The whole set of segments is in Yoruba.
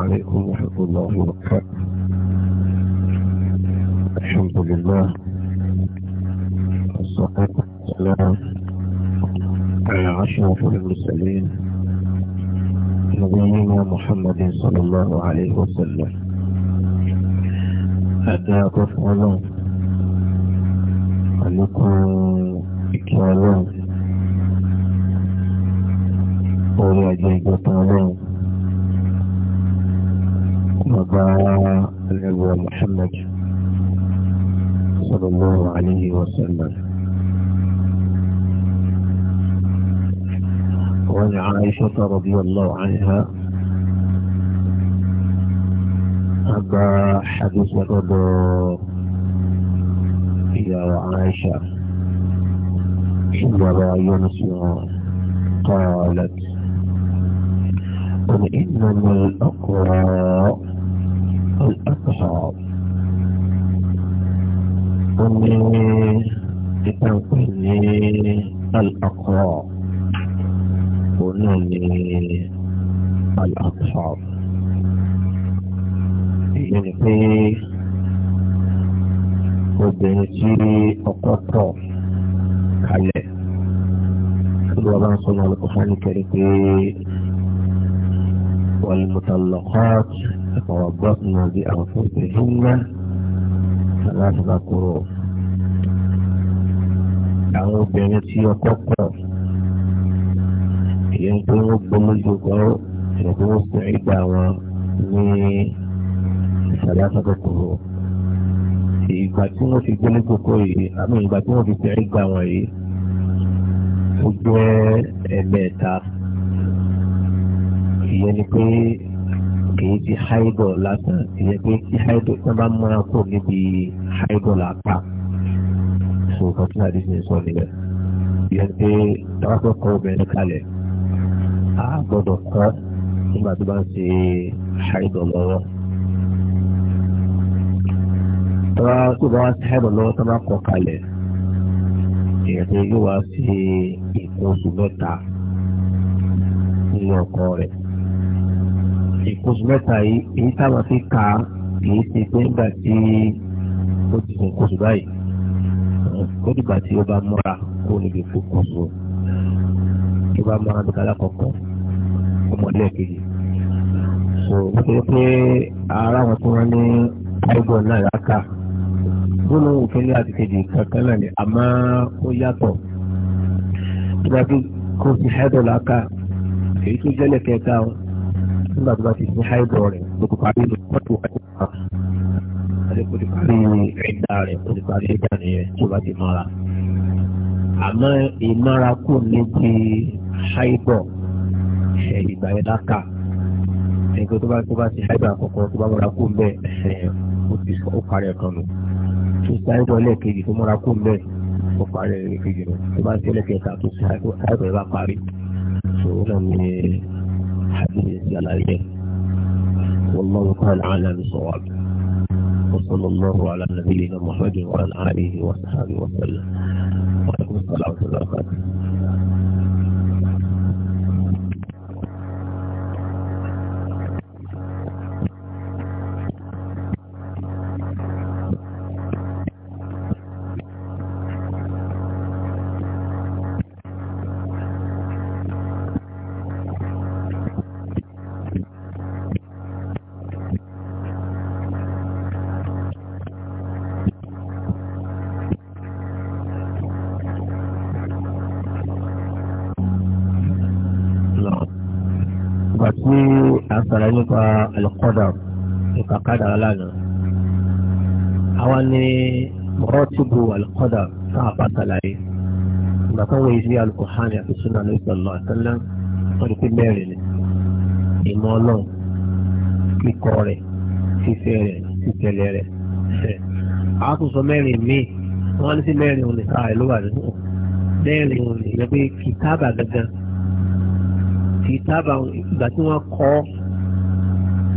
عليكم ورحمة الله وبركاته الحمد لله والصلاة والسلام على أشرف المرسلين نبينا محمد صلى الله عليه وسلم أتى ولو عليكم إكرام ورجاء طالب وباء النبي محمد صلى الله عليه وسلم وعن عائشة رضي الله عنها أبا حديث رضو يا عائشة يا يونس قالت قل إنما الأقوى sọ̀rọ̀ ó ní ìtànkù ní al-aqra òun náà ní al-aqsa èyí ni pé obìnrin tí ọkọ tọ̀ kalẹ̀ tí wọ́n bá ń sọ ní alùpùpù ní kẹrin والمطلقات يتربصن بأنفسهن ثلاثة قروء àwọn obìnrin tí ọkọ kọ èyí tó ń gbọmọjú kọ ìrọ̀bí wọn sì rí gbà wọn ní ìsàlẹ̀ àtàkùrù ìgbà tí wọ́n fi gbọmọjú kọ yìí àmì ìgbà tí wọ́n fi sì rí wọn yìí ó jẹ́ ẹ̀mẹ́ta ìyẹn ni pé kìí ti haidọ̀ lásán ìyẹn pé tí haidọ̀ tí wọ́n bá múra kó níbi haidọ̀ làpá so kan tí àdé ti ń sọ níbẹ̀ ìyẹn pé tọ́wọ́sọ̀ kọ́ obìnrin kalẹ̀ a gbọ́dọ̀ kọ́ nígbà tó bá ń ṣe haidọ̀ lọ́wọ́ tọ́wọ́ tó bá wá sí haidọ̀ lọ́wọ́ tó kọ́ kalẹ̀ ìyẹn pé yóò wá sí nǹkan mẹ́ta nínú ọkọ rẹ̀ ìkóso mẹ́ta yìí èyí táwọn fi kà á kì í ṣe pé nígbà tí ó ti sùn kóso báyìí ó dìgbà tí ó bá múra kó níbi fún kóso tó bá múra bí kálá kọ̀ọ̀kan ọmọdé kejì so ó ṣe pé ara wọn tí wọ́n ní ẹgbẹ́ náà yà ká òfin ní àtìkejì kankan náà ni àmọ́ ó yàtọ̀ tó bá kó ti hẹ́dọ̀ láká èyí tó jẹ́lẹ̀ kẹta o nígbà tó bá ti sin háìdọ̀ rẹ̀ kò ti parí lè pọ́tù àìsàn àti kò ti parí ẹ̀dá rẹ̀ kò ti parí ẹ̀dá nìyẹn tó bá ti mọ́ra. àmọ́ ìmọ́ra kù ní ti háìdọ̀ ẹ̀ ìgbà yẹn dáka ẹ̀gbẹ́ tó bá tó bá ti háìdọ̀ àkọ́kọ́ tó bá mọ́ra kù ń bẹ̀ ẹ̀ ó ti sọ ó parí ẹ̀kan nù. tó ti háìdọ̀ lẹ́ẹ̀kejì tó mọ́ra kù ń bẹ̀ ó parí ẹ̀kejì nù tó bá ti lẹ́ẹ̀kẹta tó ti háìdọ̀ ẹ̀ bá parí. حديث عليه والله تعالى على بصواب وصلى الله على نبينا محمد وعلى آله وصحبه وسلم وعليكم السلام ورحمة الله وبركاته tí a sọ̀rọ̀ nípa àlùkọ́dà nípa kádàrá lánàá. àwa ni mọ́rọ́tìbù àlùkọ́dà fún àbátàlàyé. ìgbà kan wọ́n yìí sí alukóhánì àti sunan ní sọ̀lọ́ àtẹ́lẹ́ wọ́n ti pé mẹ́rin ni. ìmọ̀ ọlọ́run kíkọ rẹ̀ fífẹ́ rẹ̀ títẹ̀lẹ̀ rẹ̀. àwọn tó sọ mẹ́rin míì wọ́n ní sí mẹ́rin òun nìkan àìlówà nínú. mẹ́rin òun nìyẹn pé kìtáàbà gangan kì í sábà ìgbà tí wọ́n kọ́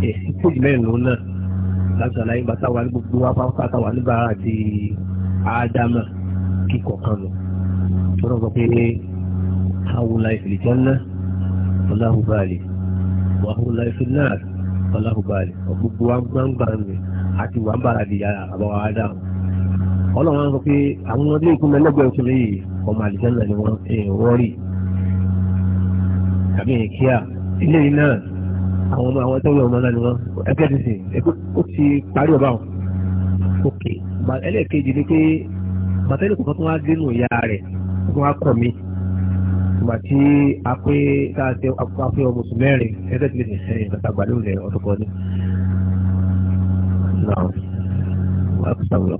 èsì kejì mẹ́rin lòun náà láti àlàyé ìgbà táwa ní gbogbo wa pápá táwa nígbà àti ádámà kíkọ̀ kan lọ. wọ́n sọ pé hawla fil janna wallahu bali wa hawla fin nar wallahu bali gbogbo wa gbangba mi àti wà ń bára di àbáwá ádámà ọlọ́run sọ pé àwọn ọmọdé ìkúnlẹ̀ lẹ́gbẹ̀ẹ́ òṣèlú yìí ọmọ àlìjánà ni wọ́n rọ́ọ̀rì àbí èyàn kíá ilé yìí náà àwọn ọmọ àwọn tẹ́wọ́ ọmọ náà ni wọ́n ẹgbẹ́ ti sìn ó ti parí ọba wọn. ok ẹlẹ́ẹ̀kejì ni pé bàtẹ́lì kọ̀ọ̀kan tó wá dénú ìyá rẹ̀ tó wá kọ̀ mí ìgbà tí a pé tá a ṣe àpapọ̀ ọmọ oṣù mẹ́rin ẹgbẹ́ ti lè ṣe ṣe ìgbàta gbàdúrà rẹ̀ ọdún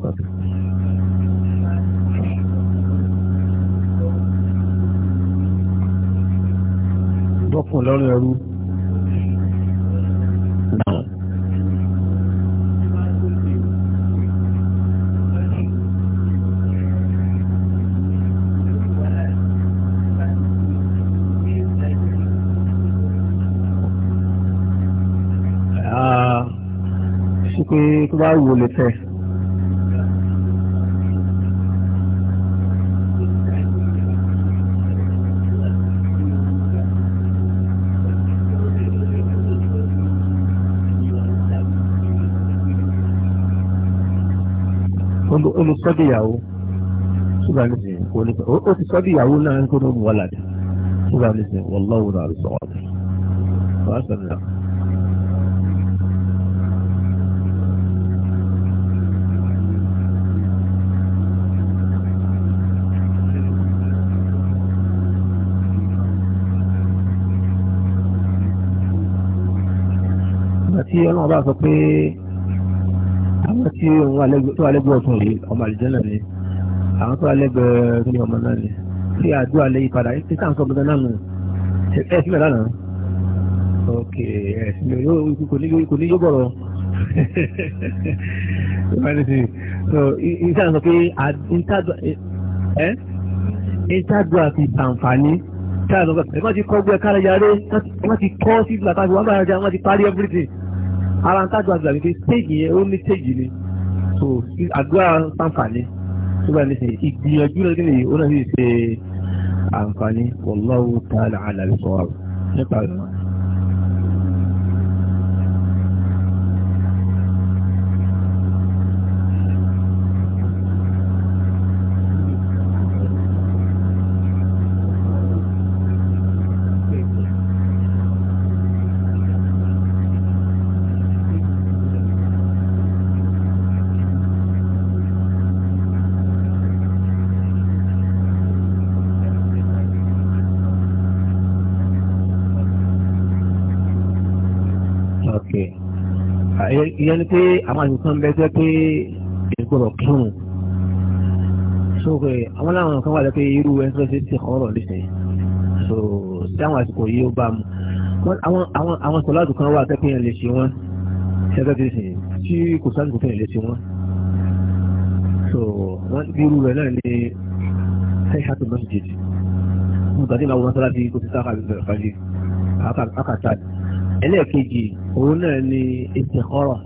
kan ní. bọ́kùn lọ́rùn ẹrú náà ah, ṣe pé tó bá wò lè tẹ̀. olùsọ́dìyàwó ṣùgbọ́n ní sìn ó ti sọ́dìyàwó náà ń kóró wọlà dé ṣùgbọ́n ní sìn wọlọ́wọ́ náà ló sọ̀rọ̀ dé wọ́n sọ nìyà. tí ọlọ́run bá sọ pé àwọn tí tó wà lẹ́gbẹ̀ẹ́ ọ̀tún rèé ọmọ àlìjẹ́nà ni àwọn tó wà lẹ́gbẹ̀ẹ́ ní ọmọ náà ni tí àdúrà lẹ́yìn padà tí táwọn sọ gbọdọ̀ náà nù ẹ sílẹ̀ lánàá ok ẹ sílẹ̀ kò ní yóò bọ̀rọ̀ ìsáà sọ pé ìtàdúrà ti tàǹfààní táà sọ pé ẹ má ti kọ́ gbé kára yàrá ẹ má ti kọ́ sí ìgbà táwọn ti wá bára jà wọ́n ti parí everything ara ń tájú àgbà wípé stéèjì yẹn ó ní stéèjì ni so àdúrà sàǹfààní tó bá ní ṣe ìgbìyànjú rẹ kí ni ó náà sì ṣe àǹfààní wallahu ta'ala àlàyé sọ̀rọ̀ nípa rẹ̀. ìyẹn ni pé àwọn àyùkọ́ ń jẹ́ pé ìgbọ̀rọ̀ kírun so pé àwọn láwọn kan wà lẹ́ pé irú ẹgbẹ́ ṣe ti ọ̀rọ̀ lẹ́sẹ̀ so tí àwọn àsìkò yìí ó bá mu àwọn sọ̀láàtù kan wà tẹ́pẹ́ yẹn lè ṣe wọ́n ṣẹ́gbẹ́ ti sìn tí kò sáàtù kan lè ṣe wọ́n so wọ́n bí irú rẹ̀ náà ní ṣẹ́ṣàtò mọ́sídẹ̀ẹ́dì mo gbàdé máa wọ́n bí kò ti sáà kàbí ẹlẹ́ẹ̀kejì òun náà ni ìtẹ̀kọ́rọ̀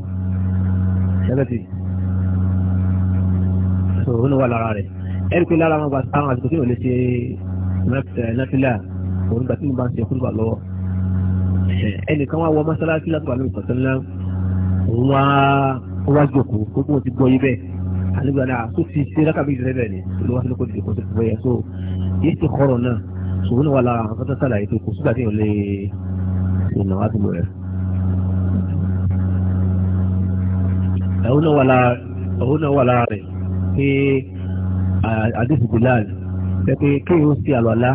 ṣẹ́gẹ́tì òun náà wà lára rẹ̀ ẹ̀rí pé lára wọn bá táwọn àti kòtò lè ṣe náfìlà òun gbà tí mo bá ń ṣe kúrò bá lọ́wọ́ ẹnìkan wá wọ mọ́sálásí láti wà ní ìtọ́sán náà òun wá wá jòkó gbogbo wọn ti gbọ́ yí bẹ́ẹ̀ àlejò àná àtúntò ti ṣe lákàbí ìṣẹ́lẹ̀ ni ló wá sí lóko ìdìbò tó ti bọ́ yẹ so yìí ti kọ́rọ̀ náà náà wà lára àwọn nínú àdúgbò rẹ̀. òun náà wà lára rẹ̀ pé àdéhùbìláà pé pé kéèyàn ó sí àlọ́lá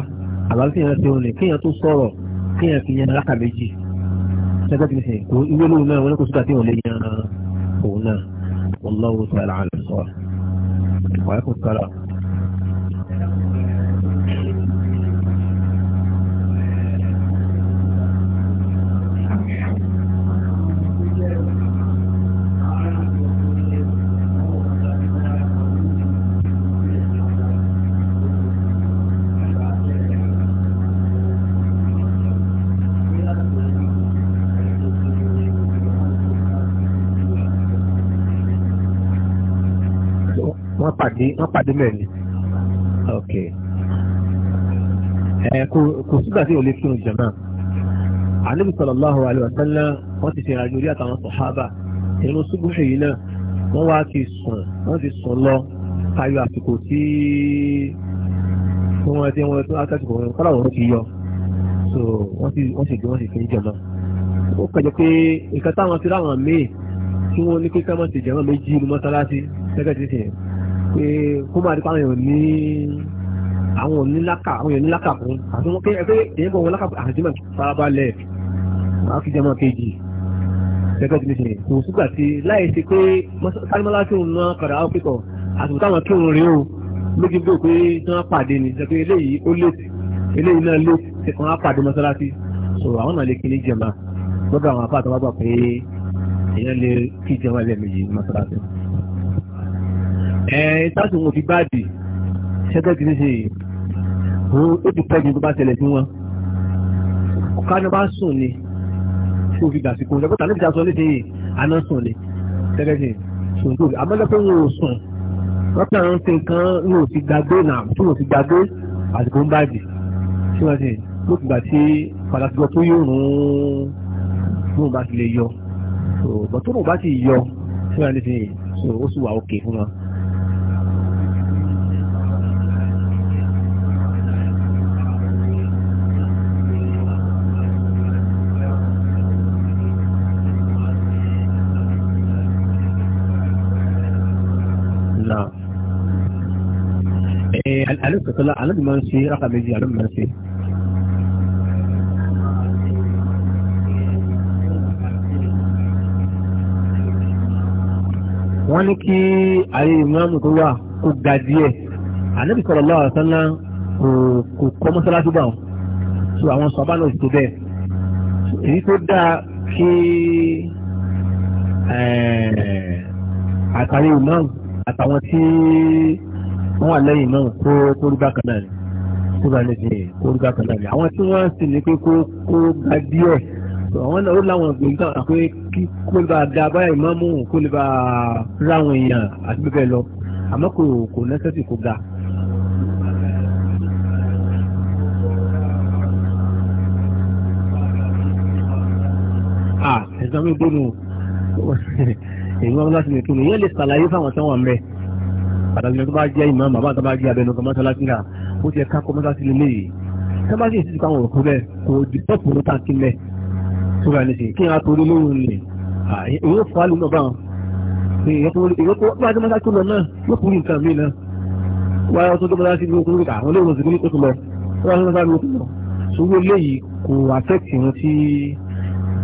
àbáfíà ti òun ni kéèyàn tó sọ̀rọ̀ kéèyàn fi yan alákà méjì ṣẹ́gbẹ́ ti sìn kó ìwé lóhùn náà wọn kò síta tí òun lè yan òun náà wallahu ta'ala àlùsọ̀rọ̀ wàá kò sọ̀rọ̀. pàdé wọ́n pàdé mẹ́rin ok ẹ kò sígbà tí o lè fún jama, ànábì sallallahu alaihi wasallam wọ́n ti ṣe ìrìnàjò orí àtàwọn sọ̀hábà ìrìn oṣùgbù èyí náà wọ́n wá ti sùn wọ́n ti sùn lọ tayọ àsìkò tí wọ́n ti wọ́n tó akẹ́kọ̀ọ́ wọn kọ́lá wọn ti yọ so wọ́n ti wọ́n ti gbé wọ́n ti fi ìjọba ó kàjọ pé ìkàtà wọn ti ráwọn míì tí wọ́n ní pé ká má ti jẹ̀wọ́n méjì ní mọ́sálásí gẹ́gẹ́ ti sìn pé kó máa di pa àwọn èèyàn ní àwọn òní lákà àwọn èèyàn ní lákà fún àti wọn pé ẹgbẹ́ èèyàn gbọ́n wọn lákà fún àjẹmọ farabalẹ̀ àfijẹmọ kejì gẹ́gẹ́ bí nìṣẹ kò sígbà tí láì ṣe pé sáyẹmọlá tí òun náà padà áwọn pípọ àtúntò táwọn tí òun rí o lójú bí òpé tí wọn pàdé ni ṣe pé eléyìí ó léètì eléyìí náà léètì ṣe kàn á pàdé mọ́sálásí so àwọn náà lè kí ní jẹma lọ́dọ̀ àwọn afáàtọ̀ wá gbà pé èèyàn lè kí jẹma lẹ́ẹ̀mejì mọ́sálásí ẹ̀ẹ́n sáàtì wọn fi báàdì ṣẹ́gbẹ́ kìí ṣe òun ó ti pẹ́jù tó bá ṣẹlẹ̀ sí wọn kánú bá sùn ni tó fi gbà sí kún lẹ́gbẹ́ta níbi ìjà sọ léde yìí àná sùn ni ṣẹ́gbẹ́ kìí sùn tó amọ́lẹ́pẹ́ wọn ò sùn wọ́n pẹ́ àwọn ṣe nǹkan wọn ò ti gbàgbé náà tí wọn ò ti gbàgbé àsìkò ń báàdì tí wọ́n ti ló ti gbà tí fàlàsìgbọ́ tó yóò rún bóun bá lè yọ bọ̀ ó sì wà òkè fún wọn. alẹ́sọ̀tọ́lá alábi máa ń ṣe rákà méjì alábi máa ń ṣe. wọ́n ní kí ayé ìmáàmù tó wà kó ga díẹ̀ anábì sọ̀rọ̀ lọ́wọ́ àṣánná kò kọ́ so àwọn sọ̀bá náà tó bẹ́ẹ̀ èyí tó dáa kí eh, àtàrí ìmáàmù àtàwọn tí wọ́n wà lẹ́yìn náà kó kórúgbà kan náà ni kó bá lè fi kórúgbà kan náà ni àwọn tí wọ́n sì ní pé kó kó gba díẹ̀ àwọn náà ó láwọn gbòǹgà pé kí kó lè bá da báyà ìmáàmù kó lè bá ráwọn èèyàn àti bẹ́ẹ̀ lọ àmọ́ kò kò nẹ́sẹ̀sì kó ga. ẹ̀sán mi gbónú èyí wọn láti lè tó mi yẹn lè ṣàlàyé fáwọn tí wọn mẹ́ẹ̀ pàtàkì lọ tó bá jẹ́ ìmọ̀ bàbá tó bá jẹ́ abẹnú kan mọ́sálásí ńlá ó ti ẹ̀ka kọ́ mọ́sálásí lè léyìí tó bá sì ti ká wọn òkú bẹ́ẹ̀ kò di tọ́pù ní tàǹkì lẹ̀ tó bá ní sí kí wọ́n torí lóhùn lè èyí fà á lù náà bá wọn èyí tó bá jẹ́ mọ́sálásí lọ náà yóò kúrò nǹkan mí náà wáyé ọtún tó mọ́sálásí ló kúrò kà wọ́n lóhùn sí kúrò tó lọ wọ́n lọ́sálásí ló kúrò sórí eléyìí kò àfẹ́tì wọn tí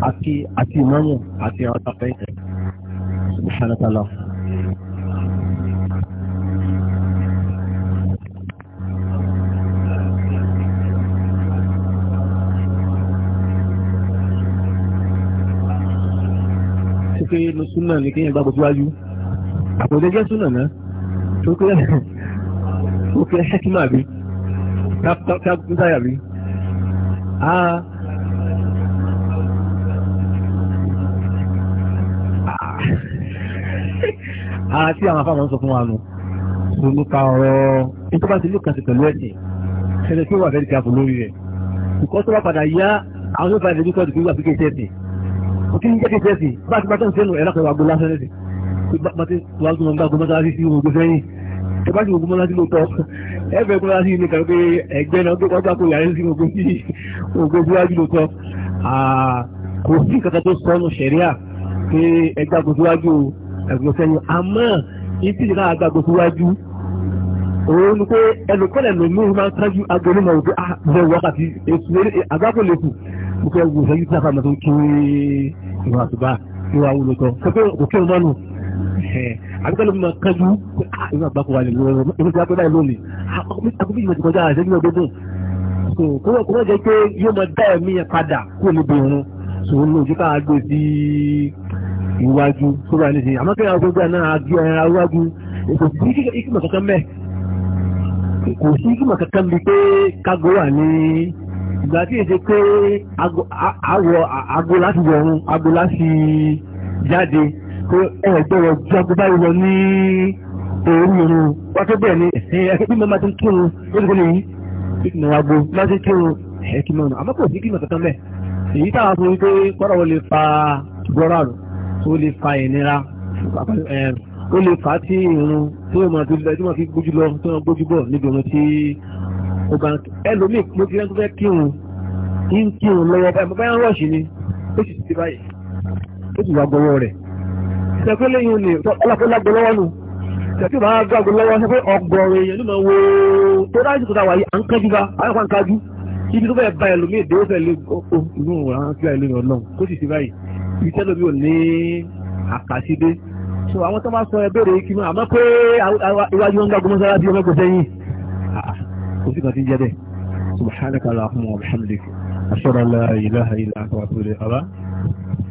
àti àti ìmọ̀mù àti àwọn afẹ́ǹtẹ̀ sùgbọ́n sálátà lọ́wọ́. pé ló súnà ní kéèyàn gbàgbọ́ síwájú àpòjẹ́ jẹ́ súnà náà tó pé ó fi ṣẹ́kímà bí táyà bí. ara tí àwọn afáàmọ́ sọ fún wa nù kò nípa ọ̀rọ̀ ní tó bá ti lókàn sí pẹ̀lú ẹ̀sìn ṣẹlẹ̀ tí ó wà fẹ́ẹ́ di káfọ́ lórí rẹ̀ ìkọ́ tó bá padà yá àwọn tó bá ti lókàn sí pẹ̀lú àfikẹ́ ẹ̀sìn kí ní jẹ́ kí sẹ́ẹ̀sì bá ti bá tẹ́ ń sẹ́nu ẹ̀rọ pẹ̀lú àgbo lásán lẹ́sìn bàtí wàá gbọ́n gbà gbọ́n mọ́tàlá sí sí ogun sẹ́yìn ẹ bá sì ogun mọ́tàlá sí ló tọ́ ẹ fẹ́ gbọ́n sí ilé kan pé ẹgbẹ́ náà gbọ́n gbà kó yàrá sí ogun sí ogun síwájú ló tọ́ kò sí kankan tó sọnù sẹ̀ríà pé ẹgbẹ́ àgbo síwájú ẹgbẹ́ sẹ́yìn àmọ́ ìtì ìlà àgbàgbọ́ síwájú òun ni pé ẹlòkọ́lẹ̀ lòmíràn máa ń kájú agolo mo fẹ́ wo ìṣẹ́jú tí a fà máa tó kí ìwà àtúbà ìwà àwùjọ tán sọ pé òkè ọmọ nù àbíkẹ́lẹ́ mi máa kájú ah, ìwà àgbákò wà nílùú ọ̀rọ̀ èmi ti wá pé báyìí lónìí àkókò ah, ìmọ̀ ìkọjá àṣẹ́jú náà gbọ́dọ̀ so kọ́wọ́ kọ́wọ́ jẹ́ pé yóò máa dá ẹ̀mí yẹn padà kúrò níbi òun so ó lójú ká gbé sí iwájú tó bá ní sí àmọ́ kí ẹran gbogbo náà gbé ẹran iwájú kò sí ìkìmọ̀ kankan mẹ́ kò sí ìkìmọ̀ kankan bíi pé kágo wà ní ìgbà tí èdè pé àgò láti wọ̀run àgò láti jáde pé ẹ̀ẹ́dọ̀rọ̀ ju àgò báyìí lọ ní òórùn irun wá tó bẹ̀rẹ̀ ní ẹ̀ẹ́dẹ́ bí màmá ti ń kírun ó ti kọ́ nìyí ìkùnà àgò má ti kírun ẹ̀ẹ́ kí mọ̀nà àmọ́ kò sí kí mọ̀ kankan bẹ́ẹ̀ èyí táwọn sọ wípé kọ́ra ó lè fa gbọ́ra rò ó lè fa ìnira ó lè fa tí irun tí wọ́n máa fi gbójú lọ tí wọ́n gbójú bọ̀ níbi ọmọ tí ọba ẹlòmíì mo ti rẹ́ńtọ́ fẹ́ kírun kí n kírun lọ́wọ́ báyìí mo bá yẹn rọ̀ṣì ni ó sì ti báyìí ó sì wà gbọ́wọ́ rẹ̀ ṣẹ́fẹ́ lẹ́yìn olè ọlọ́pẹ́ lágbo lọ́wọ́ nù ṣẹ́fẹ́ bá gbàgbọ́ lọ́wọ́ ṣẹ́fẹ́ ọgbọ̀rọ̀ èèyàn ló máa wo tó dájú kó ta wà yìí à ń kájú bá àwọn kan kájú ibi tó fẹ́ ba ẹlòmíì dé ó fẹ́ lé inú àwọn fíà ilé rẹ̀ lọ́hùn kó sì ti báyìí ibi tẹ́lẹ̀ mi ò ní àkàṣídé so àwọn tó bá sọ ẹbẹ̀rẹ̀ kí mọ́ àmọ́ pé iwájú خذنا في يده سبحانك اللهم وبحمدك أشهد أن لا إله إلا أنت وأتوب إليك